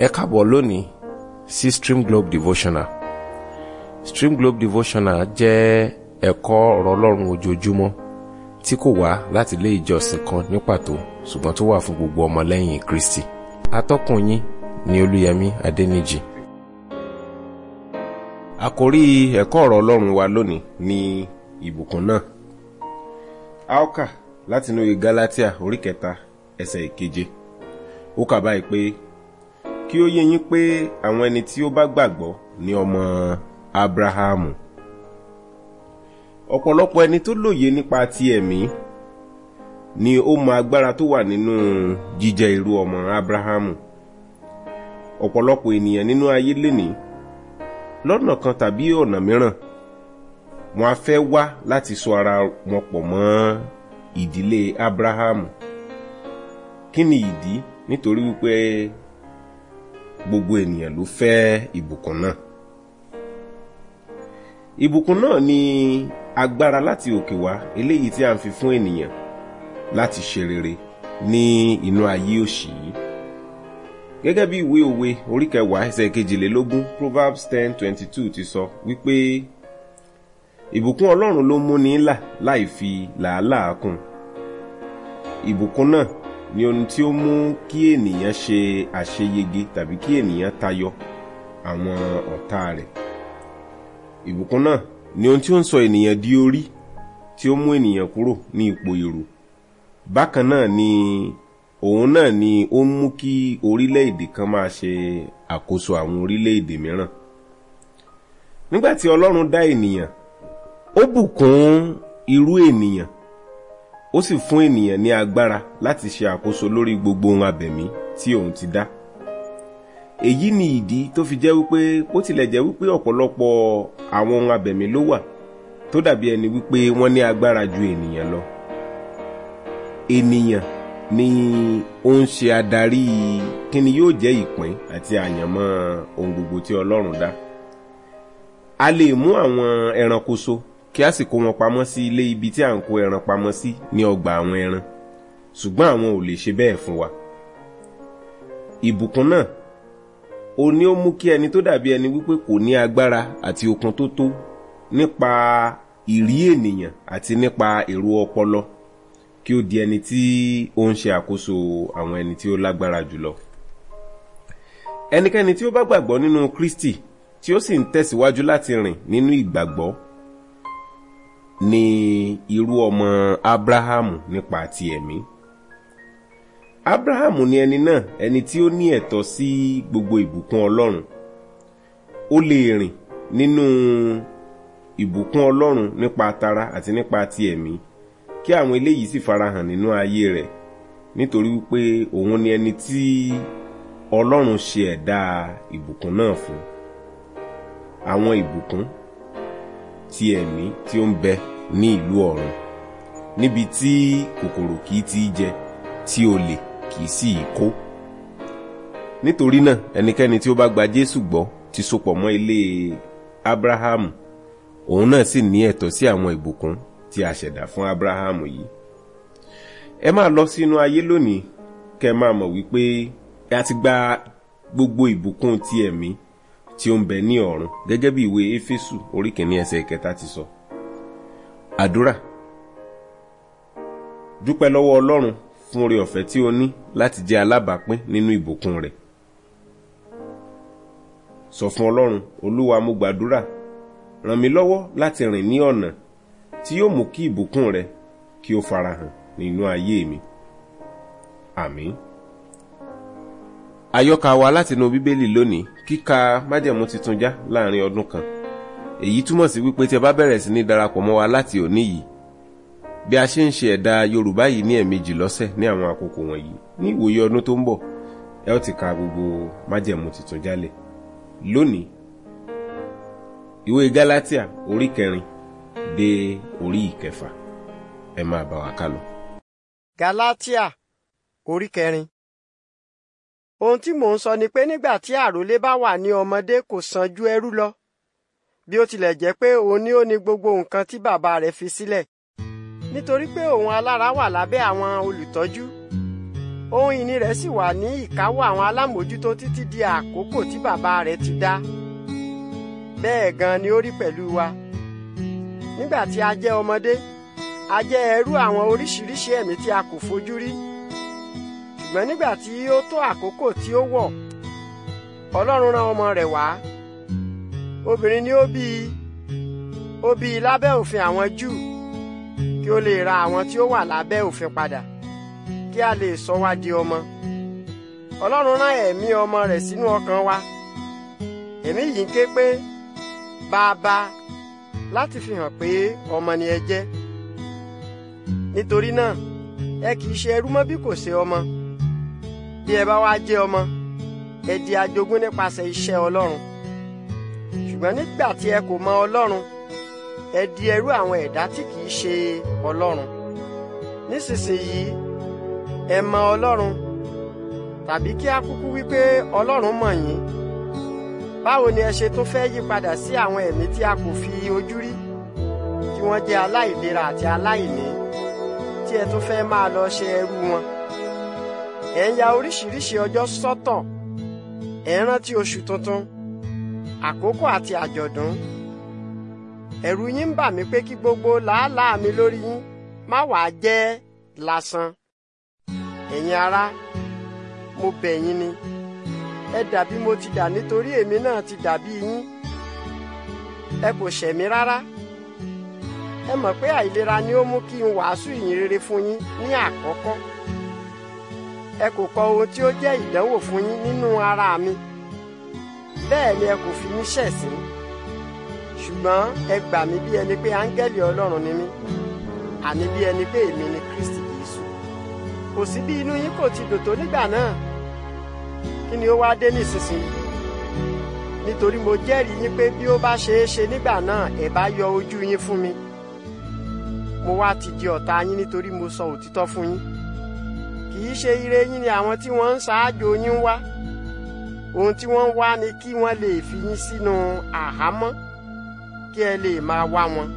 ẹ e lónìí sí si Stream Globe Devotional Stream Globe Devotional jẹ́ ẹ̀kọ́ ọ̀rọ̀ ọlọ́run ojoojúmọ́ tí kò wá láti ilé ìjọsìn kan ní pàtó ṣùgbọ́n tó wà fún gbogbo ọmọlẹ́yìn Kristi atọ́kùn yín ni Olúyẹmí Adẹ́nìjì. àkòrí ẹ̀kọ́ ọ̀rọ̀ ọlọ́run wa lónìí ni ìbùkún náà a ó kà látinú Gálátíà orí kẹta ẹsẹ̀ ìkeje ó kà báyìí pé kí ó yé yín pé àwọn ẹni tí ó bá gbàgbọ́ ni ọmọ abrahamu ọ̀pọ̀lọpọ̀ ẹni tó lóye nípa ti ẹ̀mí ni ó mọ agbára tó wà nínú jíjẹ irú ọmọ abrahamu ọ̀pọ̀lọpọ̀ ènìyàn nínú ayé lénìí lọ́nà kan tàbí ọ̀nà mìíràn wọ́n á fẹ́ wá láti so ara wọn pọ̀ mọ́ ìdílé abrahamu kí ni ìdí nítorí wípé gbogbo ènìyàn ló fẹ́ ìbùkún náà ìbùkún náà ni agbára láti òkè wá eléyìí tí a ń fi fún ènìyàn láti ṣe rere ní inú ayé òṣì yìí gẹ́gẹ́ bí ìwé òwe orí ẹsẹ̀ kejìlélógún proverbs ten twenty two ti sọ wípé ìbùkún ọlọ́run ló múni là láì fi làálàá kún ìbùkún náà ni ohun tí ó mú kí ènìyàn ṣe àṣeyege tàbí kí ènìyàn tayọ àwọn ọ̀tá rẹ̀. Ìbùkún náà ni ohun tí ó ń sọ ènìyàn di orí tí ó mú ènìyàn kúrò ní ipò èrò. Bákan náà ni òun náà ni ó ń mú kí orílẹ̀-èdè kan máa ṣe àkóso àwọn orílẹ̀-èdè mìíràn. Nígbà tí Ọlọ́run dá ènìyàn, ó bùkún irú ènìyàn ó sì fún ènìyàn ní agbára láti ṣe àkóso lórí gbogbo ohun abẹ̀mí tí òun ti dá èyí ni ìdí tó fi jẹ́ wípé bó tilẹ̀ jẹ́ wípé ọ̀pọ̀lọpọ̀ àwọn ohun abẹ̀mí ló wà tó dàbí ẹni wípé wọ́n ní agbára ju ènìyàn lọ ènìyàn ni ó ń ṣe adarí kíni yóò jẹ́ ìpín àti àyànmọ́ ohun gbogbo tí Ọlọ́run dá a lè mú àwọn ẹranko so kí a sì kó wọn pamọ́ sí ilé ibi tí à ń kó ẹran pamọ́ sí ní ọgbà àwọn ẹran ṣùgbọ́n àwọn ò lè ṣe bẹ́ẹ̀ fún wa. ìbùkún náà ó ní ó mú kí ẹni tó dàbí ẹni wípé kò ní agbára àti okun tó tó nípa ìrí ènìyàn àti nípa èrò ọpọlọ kí ó di ẹni tí ó ń ṣe àkóso àwọn ẹni tí ó lágbára jùlọ. ẹnikẹ́ni tí ó bá gbàgbọ́ nínú Kristi tí ó sì ń tẹ̀síwájú láti rìn nínú ìgbàgbọ́ ni irú ọmọ abrahamu nípa ti ẹ̀mí abrahamu ni ẹni náà ẹni tí ó ní ẹ̀tọ́ sí gbogbo ìbùkún ọlọ́run ó lè rìn nínú ìbùkún ọlọ́run nípa tara àti nípa ti ẹ̀mí kí àwọn eléyìí sì farahàn nínú ayé rẹ̀ nítorí wípé òun ni ẹni tí ọlọ́run ṣe ẹ̀dá ìbùkún náà fún àwọn ìbùkún ti ẹ̀mí tí ó ń bẹ ní ìlú ọ̀run níbi tí kòkòrò kìí ti jẹ tí olè kìí sì kó nítorí náà ẹnikẹ́ni tí ó bá gba Jésù gbọ́ ti sopọ̀ mọ́ ilé Ábráhámù òun náà sì ní ẹ̀tọ́ sí àwọn ìbùkún tí a ṣẹ̀dá fún Ábráhámù yìí ẹ máa lọ sínú ayé lónìí kẹ́ máa mọ̀ wípé a ti gba gbogbo ìbùkún ti ẹ̀mí e tí ó ń bẹ ní ọ̀run gẹ́gẹ́ bí ìwé éfésù orí kìíní ẹsẹ̀ kẹta ti sọ. àdúrà dúpẹ́ lọ́wọ́ ọlọ́run fún oore ọ̀fẹ́ tí o ní láti jẹ́ alábàápín nínú ìbùkún rẹ̀. sọ fún ọlọ́run olúwa mo gbàdúrà ràn mí lọ́wọ́ láti rìn ní ọ̀nà tí yóò mú kí ìbùkún rẹ̀ kí ó farahàn nínú ayé mi. àmín. àyọkà wa látinú bíbélì lónìí kíka májẹ̀mú tuntun já láàrin ọdún kan èyí túmọ̀ sí wípé tí ẹ bá bẹ̀rẹ̀ sí ní darapọ̀ mọ́ wa láti òní yìí bí a ṣe ń ṣe ẹ̀dà yorùbá yìí ní ẹ̀ẹ̀mejì lọ́sẹ̀ ní àwọn àkókò wọ̀nyí ní ìwòye ọdún tó ń bọ̀ ẹ ó ti ka gbogbo májẹ̀mú tuntun jálẹ̀ lónìí ìwé gálátíà orí kẹrin dé orí ìkẹfà ẹ máa bá wa kálọ. gálátíà orí kẹrin ohun tí mò ń sọ ni pé nígbà tí àròlé bá wà ní ọmọdé kò sàn ju ẹrú lọ bí ó tilẹ̀ jẹ́ pé òun ni ó ní gbogbo nǹkan tí bàbá rẹ̀ fi sílẹ̀ nítorí pé òun alára wà lábẹ́ àwọn olùtọ́jú ohun ìní rẹ̀ sì wà ní ìkáwọ́ àwọn alámòjútó títí di àkókò tí bàbá rẹ̀ ti dá bẹ́ẹ̀ gan ni ó rí pẹ̀lú wa nígbà tí a jẹ́ ọmọdé a jẹ́ ẹrú àwọn oríṣiríṣi ẹ̀mí tí a kò fojú rí ṣùgbọ́n nígbà tí ó tó àkókò tí ó wọ̀ ọlọ́run rán ọmọ rẹ̀ wá obìnrin ni ó bí i ó bí lábẹ́ òfin àwọn júù kí ó lè ra àwọn tí ó wà lábẹ́ òfin padà kí a lè sọ wá di ọmọ ọlọ́run rán ẹ̀mí ọmọ rẹ̀ sínú ọkàn wa ẹ̀mí yìí ń ké pé bàbá láti fi hàn pé ọmọ ni ẹ jẹ́ nítorí náà ẹ kì í ṣe ẹrú mọ́ bí kò ṣe ọmọ bí ẹ bá wá jẹ́ ọmọ ẹ di ajogún nípasẹ̀ iṣẹ́ Ọlọ́run ṣùgbọ́n nígbà tí ẹ kò mọ Ọlọ́run ẹ di ẹrú àwọn ẹ̀dá tí kìí ṣe Ọlọ́run nísinsìnyí ẹ mọ Ọlọ́run tàbí kí a kúkú wípé Ọlọ́run mọ̀ yín báwo ni ẹ ṣe tó fẹ́ yí padà sí àwọn ẹ̀mí tí a kò fi ojú rí tí wọ́n jẹ́ aláìlera àti aláìní tí ẹ tó fẹ́ máa lọ ṣe ẹrú wọn ẹ̀ ń ya oríṣiríṣi ọjọ́ sọ́tọ̀ ẹ̀ ń rántí oṣù tuntun àkókò àti àjọ̀dún ẹ̀rù yín ń bà mí pé kí gbogbo làálàá mi lórí yín má wàá jẹ́ lásán ẹ̀yin ará mo bẹ̀ yín ni ẹ dà mo ti dà nítorí èmi náà ti dà yín ẹ kò ṣẹ̀ rárá ẹ mọ̀ pé àìlera ni ó mú kí n wàásù ìyìn rere fún yín ní àkọ́kọ́ ẹ kò kọ ohun tí ó jẹ́ ìdánwò fún yín nínú ara mi bẹ́ẹ̀ ni ẹ kò fi mí ṣẹ̀sín ṣùgbọ́n ẹ gbà mí bí ẹni pé áńgẹ́lì ọlọ́run ni mí àní bí ẹni pé èmi ni Kristi Jésù kò sí bí inú yín kò ti dùn tó nígbà náà kí ni ó wá dé nísinsìnyí nítorí mo jẹ́rìí yín pé bí ó bá ṣeé ṣe nígbà náà ẹ bá yọ ojú yín fún mi mo wá ti di ọ̀tá yín nítorí mo sọ òtítọ́ fún yín kì í ṣe ire yín ni àwọn tí wọ́n ń ṣáájú yín wá ohun tí wọ́n ń wá ni kí wọ́n lè fi yín sínú àhámọ́ kí ẹ lè máa wá wọn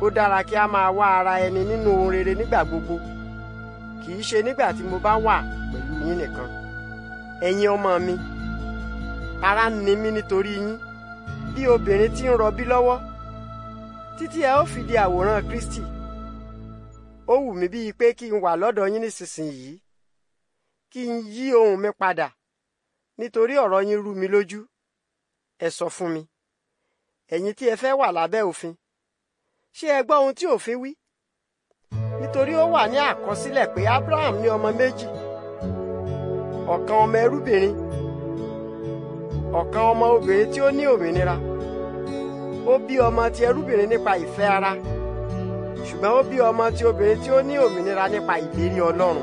ó dára kí a máa wá ara ẹni nínú ohun rere nígbà gbogbo kì í ṣe nígbà tí mo bá wà pẹ̀lú yín nìkan ẹ̀yin ọmọ mi ara ń ni mí nítorí yín bí obìnrin tí ń rọbí lọ́wọ́ títí ẹ ó fi di àwòrán Kristi ó wù mí bíi pé kí n wà lọ́dọ̀ yín nísinsìnyí kí n yí ohùn mi padà nítorí ọ̀rọ̀ yín rú mi lójú ẹ sọ fún mi ẹ̀yin tí ẹ fẹ́ wà lábẹ́ òfin ṣé ẹ gbọ́ ohun tí òfin wí nítorí ó wà ní àkọsílẹ̀ pé Abraham ní ọmọ méjì ọ̀kan ọmọ ẹrúbìnrin ọ̀kan ọmọ obìnrin tí ó ní òmìnira ó bí ọmọ ti ẹrúbìnrin nípa ìfẹ́ ara ṣùgbọ́n ó bí ọmọ tí obìnrin tí ó ní òmìnira nípa ìlérí Ọlọ́run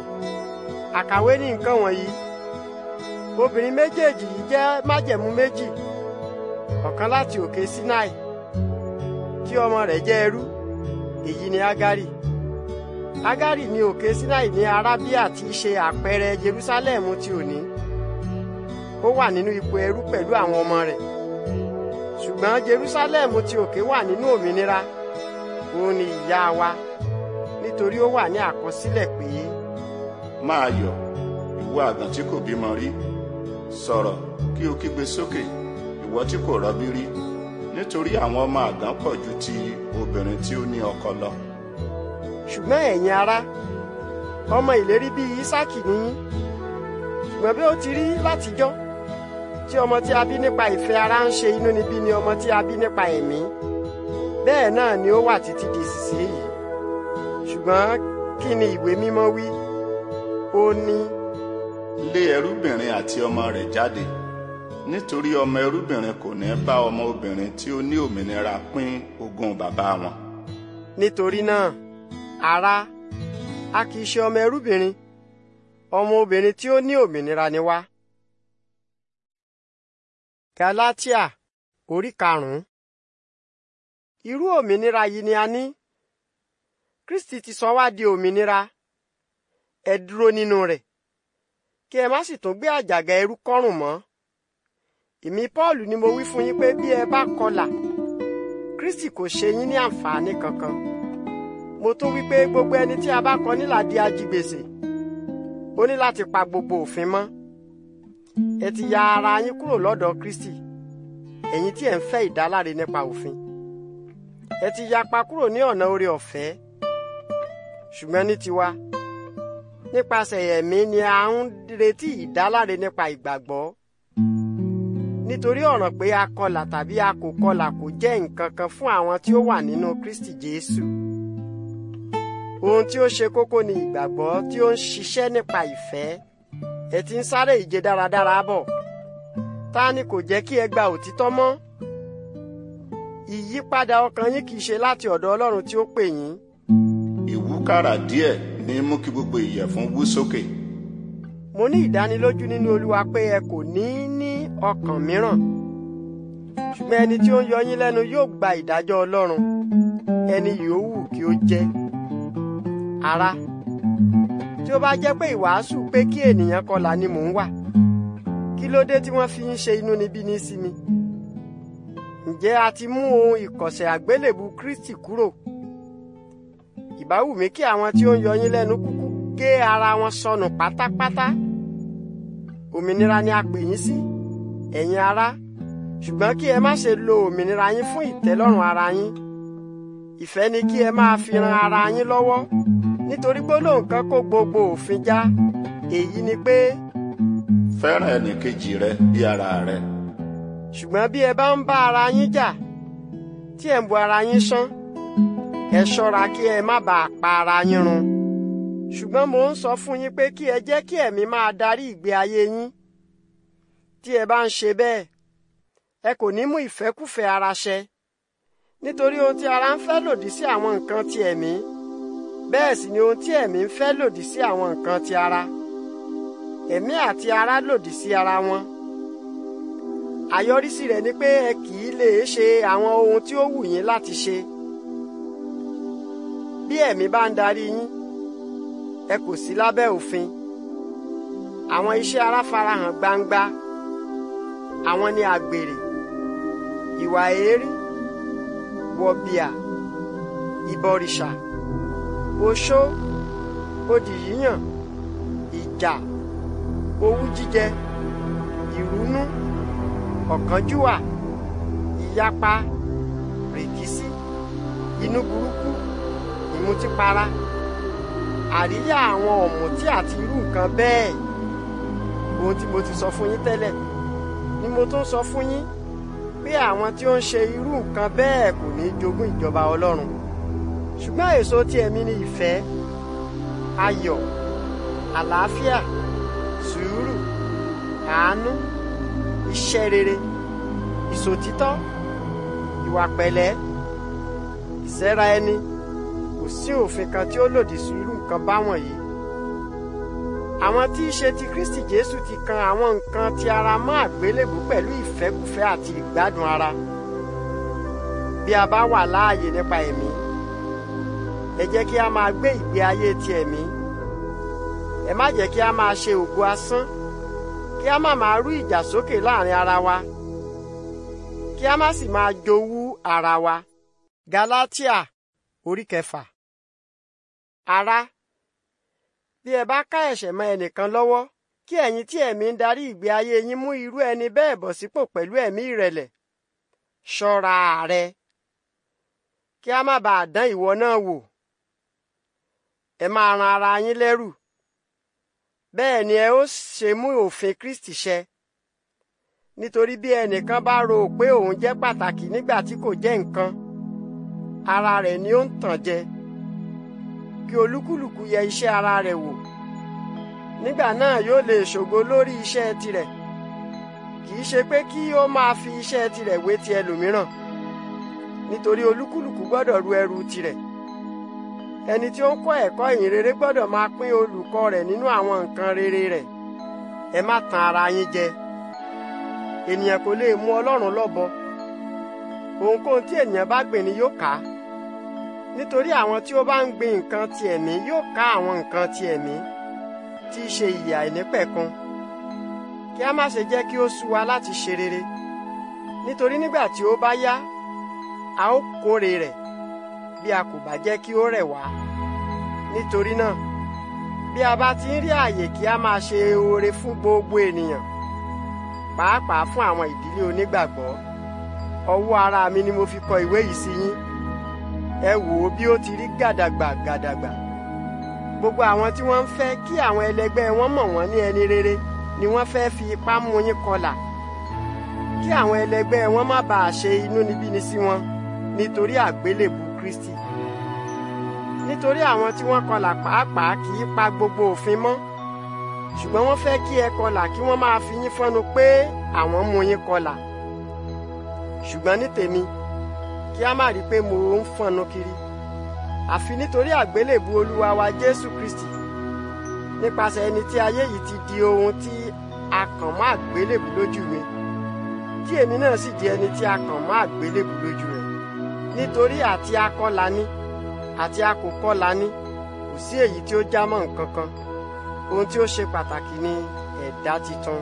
àkàwé ní nǹkan wọ̀nyí obìnrin méjèèjì yìí jẹ́ májẹ̀mú méjì ọ̀kan láti òkè Sinai tí ọmọ rẹ̀ jẹ́ ẹrú èyí ni Ágárì Ágárì ní òkè Sinai ní Arábíà tí í ṣe àpẹẹrẹ Jerúsálẹ́mù ti òní ó wà nínú ipò ẹrú pẹ̀lú àwọn ọmọ rẹ̀ ṣùgbọ́n Jerúsálẹ́mù ti òkè wà nínú òmìnira òun ni ìyá wa nítorí ó wà ní àkọsílẹ̀ pé. máa yọ̀ ìwọ àgàn tí kò bímọ rí sọ̀rọ̀ kí o kígbe sókè ìwọ tí kò rọbí rí nítorí àwọn ọmọ àgàn pọ̀ ju ti obìnrin tí ó ní ọkọ lọ. ṣùgbọ́n ẹ̀yin ará ọmọ ìlérí bíi Ísákì ni ṣùgbọ́n bí ó ti rí látijọ́ tí ọmọ tí a bí nípa ìfẹ́ ara ń ṣe inúnibíni ọmọ tí a bí nípa ẹ̀mí. E bẹ́ẹ̀ náà ni ó wà títí di ìsinsìnyí ṣùgbọ́n kí ni ìwé mímọ́ wí ó ní. lé ẹrúbìnrin àti ọmọ rẹ̀ jáde nítorí ọmọ ẹrúbìnrin kò ní bá ọmọ obìnrin tí ó ní òmìnira pín ogún bàbá wọn. nítorí náà ará a kì í ṣe ọmọ ẹrúbìnrin ọmọ obìnrin tí ó ní òmìnira ni wá. Galatia orí karùnún irú òmìnira yìí ni a ní Kristi ti sọ wá di òmìnira ẹ dúró nínú rẹ̀ kí ẹ má sì tún gbé àjàgà ẹrú kọ́rùn mọ́ èmi Paul ni mo wí fún yín pé bí ẹ bá kọlà Kristi kò ṣe yín ní àǹfààní kankan mo tún wí pé gbogbo ẹni tí a bá kọ nílà di ajigbèsè ó ní láti pa gbogbo òfin mọ́ ẹ ti ya ara yín kúrò lọ́dọ̀ Kristi ẹ̀yin tí ẹ ń fẹ́ ìdáláre nípa òfin ẹ ti yapa kúrò ní ọ̀nà oore ọ̀fẹ́ ṣùgbọ́n ní tiwa nípasẹ̀ ẹ̀mí ni a ń retí ìdáláre nípa ìgbàgbọ́ nítorí ọ̀ràn pé a kọlà tàbí a kò kò jẹ́ nǹkan kan fún àwọn tí ó wà nínú Kristi Jésù ohun tí ó ṣe kókó ni ìgbàgbọ́ tí ó ń ṣiṣẹ́ nípa ìfẹ́ ẹ ti ń sáré ìje dáradára bọ̀ ta ni kò jẹ́ kí ẹ gba òtítọ́ mọ́ ìyípadà ọkàn yín kìí ṣe láti ọ̀dọ̀ ọlọ́run tí ó pè yín. ìwúkàrà díẹ̀ ní mú kí gbogbo ìyẹ̀fun wú sókè. mo ní ìdánilójú nínú olúwa pé ẹ kò ní ní ọkàn mìíràn ṣùgbọ́n ẹni tí ó ń yọ yín lẹ́nu yóò gba ìdájọ́ ọlọ́run ẹni yòówù kí ó jẹ́ ará tí ó bá jẹ́ pé ìwàásù pé kí ènìyàn kọlà ni mò ń wà kí ló dé tí wọ́n fi ń ṣe inúnibíni sí mi. Si ǹjẹ́ a ti mú ohun ìkọ̀sẹ̀ àgbélébù Kristi kúrò ìbá wù mí kí àwọn tí ó ń yọ yín lẹ́nu kúkú gé ara wọn sọnù pátápátá òmìnira ni a pè yín sí ẹ̀yin ará ṣùgbọ́n kí ẹ má ṣe lo òmìnira yín fún ìtẹ́lọ́rùn ara yín ìfẹ́ ni kí ẹ máa fi ran ara yín lọ́wọ́ nítorí gbólóhùn kan kó gbogbo òfin já èyí ni pé. fẹ́ràn ẹnìkejì rẹ bí ara rẹ ṣùgbọ́n bí ẹ bá ń bá ara yín jà tí ẹ ń bu ara yín sán ẹ ṣọ́ra kí ẹ má bàa pa ara yín run ṣùgbọ́n mò ń sọ fún yín pé kí ẹ jẹ́ kí ẹ̀mí máa darí ìgbé ayé yín tí ẹ bá ń ṣe bẹ́ẹ̀ ẹ kò ní mú ìfẹ́kùfẹ́ ara ṣẹ nítorí ohun tí ara ń fẹ́ lòdì sí àwọn nǹkan ti ẹ̀mí bẹ́ẹ̀ sì ni ohun tí ẹ̀mí ń fẹ́ lòdì sí àwọn nǹkan ti ara ẹ̀mí àti ara lòdì sí ara wọn àyọrísí rẹ̀ ni pé ẹ kì í lè ṣe àwọn ohun tí ó wù yín láti ṣe bí ẹ̀mí bá ń darí yín ẹ kò sí lábẹ́ òfin àwọn iṣẹ́ ara gbangba àwọn ni àgbèrè ìwà èérí wọ̀bìà ìbọrìṣà oṣó odì yíyàn ìjà owú jíjẹ ìrúnú ọ̀kánjúwà ìyapa rìkísí inú burúkú ìmutípara àríyá àwọn ọ̀mùtí àti irú nǹkan bẹ́ẹ̀ ohun tí mo ti sọ fún yín tẹ́lẹ̀ ni mo tún sọ fún yín pé àwọn tí ó ń ṣe irú nǹkan bẹ́ẹ̀ kò ní jogún ìjọba ọlọ́run ṣùgbọ́n èso tí ẹ̀mí ni ìfẹ́ ayọ̀ àlàáfíà sùúrù àánú iṣẹ́ rere ìṣòtítọ́ ìwà pẹ̀lẹ́ ìsẹ́ra ẹni kò sí òfin kan tí ó lòdì sí irú nǹkan báwọn yìí àwọn tí í ṣe ti Kristi Jésù ti kan àwọn nǹkan ti ara mọ́ àgbélébù pẹ̀lú ìfẹ́kùfẹ́ àti ìgbádùn ara bí a bá wà láàyè nípa ẹ̀mí ẹ jẹ́ kí a máa gbé ìgbé ayé ti ẹ̀mí ẹ má jẹ́ kí a máa ṣe ògo asán kí a má máa rú ìjà sókè láàrin ara wa kí a má sì máa jowú ara wa. Galatia orí kẹfà. Ará bí ẹ bá ká ẹ̀ṣẹ̀ mọ́ ẹnìkan lọ́wọ́ kí ẹ̀yin tí ẹ̀mí ń darí ìgbé ayé yín mú irú ẹni bẹ́ẹ̀ bọ̀ sípò pẹ̀lú ẹ̀mí ìrẹ̀lẹ̀ ṣọ́ra rẹ kí a má bàa dán ìwọ náà wò ẹ máa ran ara yín lẹ́rù bẹ́ẹ̀ ni ẹ ó ṣe mú òfin Kristi ṣẹ nítorí bí ẹnìkan bá rò pé òun jẹ́ pàtàkì nígbà tí kò jẹ́ nǹkan ara rẹ̀ ni ó ń tàn jẹ kí olúkúlùkù yẹ iṣẹ́ ara rẹ̀ wò nígbà náà yóò lè ṣògo lórí iṣẹ́ tirẹ̀ kì í ṣe pé kí ó máa fi iṣẹ́ tirẹ̀ wé ti ẹlòmíràn nítorí olúkúlùkù gbọ́dọ̀ ru ẹrù tirẹ̀ ẹni tí ó ń kọ́ ẹ̀kọ́ ìyìn rere gbọ́dọ̀ máa pín olùkọ́ rẹ̀ nínú àwọn nǹkan rere rẹ̀ ẹ má tan ara yín jẹ ènìyàn kò lè mú ọlọ́run lọ́bọ ohunkóhun tí ènìyàn bá gbìn ni yóò ká nítorí àwọn tí ó bá ń gbin nǹkan ti ẹ̀mí yóò ká àwọn nǹkan ti ẹ̀mí tí í ṣe ìyà ìnípẹ̀kun kí a má ṣe jẹ́ kí ó sú wa láti ṣe rere nítorí nígbà tí ó bá yá a ó kórè rẹ̀ bí a kò bá jẹ́ kí ó rẹ̀ wá. nítorí náà bí a bá ti ń rí àyè kí a máa ṣe oore fún gbogbo ènìyàn pàápàá fún àwọn ìdílé onígbàgbọ́ ọwọ́ ara mi ni mo fi kọ ìwé yìí sí yín ẹ wò ó bí ó ti rí gàdàgbà gàdàgbà gbogbo àwọn tí wọ́n ń fẹ́ kí àwọn ẹlẹgbẹ́ wọn mọ̀ wọ́n ní ẹni rere ni wọ́n fẹ́ fi ipá mú yín kọlà kí àwọn ẹlẹgbẹ́ wọn má bàa ṣe inúnibíni sí wọn nítorí àgbélébù Kristi nítorí àwọn tí wọ́n kọlà pàápàá kì í pa gbogbo òfin mọ́ ṣùgbọ́n wọ́n fẹ́ kí ẹ kọlà kí wọ́n máa fi yín fọ́nu pé àwọn mú yín kọlà ṣùgbọ́n ní tèmi kí a má rí i pé mo ń fọ́nu kiri àfi nítorí àgbélébù olúwa wa Jésù Kristi nípasẹ̀ ẹni tí ayé yìí ti di ohun tí a kàn mọ́ àgbélébù lójú mi tí èmi náà sì di ẹni tí a kàn mọ́ àgbélébù lójú rẹ̀ nítorí àti akọlà ni àti akòkọlà ni kò sí èyí tí ó já mọ́ nǹkan kan ohun tí ó ṣe pàtàkì ni ẹ̀dá titun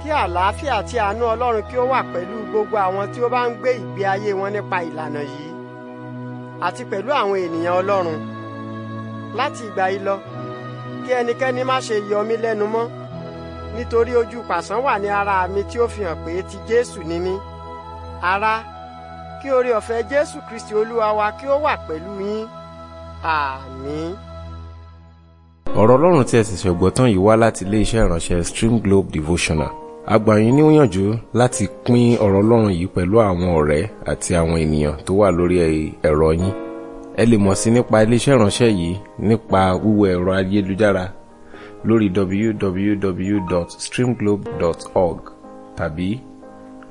kí àlàáfíà àti àánú Ọlọ́run kí ó wà pẹ̀lú gbogbo àwọn tí ó bá ń gbé ìgbé ayé wọn nípa ìlànà yìí àti pẹ̀lú àwọn ènìyàn Ọlọ́run láti ìgbà yìí lọ kí ẹnikẹ́ni má ṣe yọ mí lẹ́nu mọ́ nítorí ojú pàṣán wà ní ara mi tí ó fi hàn pé ti Jésù ni mí ará kí oore ọ̀fẹ́ Jésù Kristi Olúwa wa kí ó wà pẹ̀lú yín àmín. ọ̀rọ̀ ọlọ́run tí ẹ sì ṣẹ̀gbọ́ tán yìí wá láti iléeṣẹ́ ìránṣẹ́ Stream Globe Devotional a gbà yín níyànjú láti pín ọ̀rọ̀ ọlọ́run yìí pẹ̀lú àwọn ọ̀rẹ́ àti àwọn ènìyàn tó wà lórí ẹ̀rọ yín ẹ lè mọ̀ sí nípa iléeṣẹ́ ìránṣẹ́ yìí nípa wíwọ ẹ̀rọ ayélujára lórí www.streamglobe.org tàbí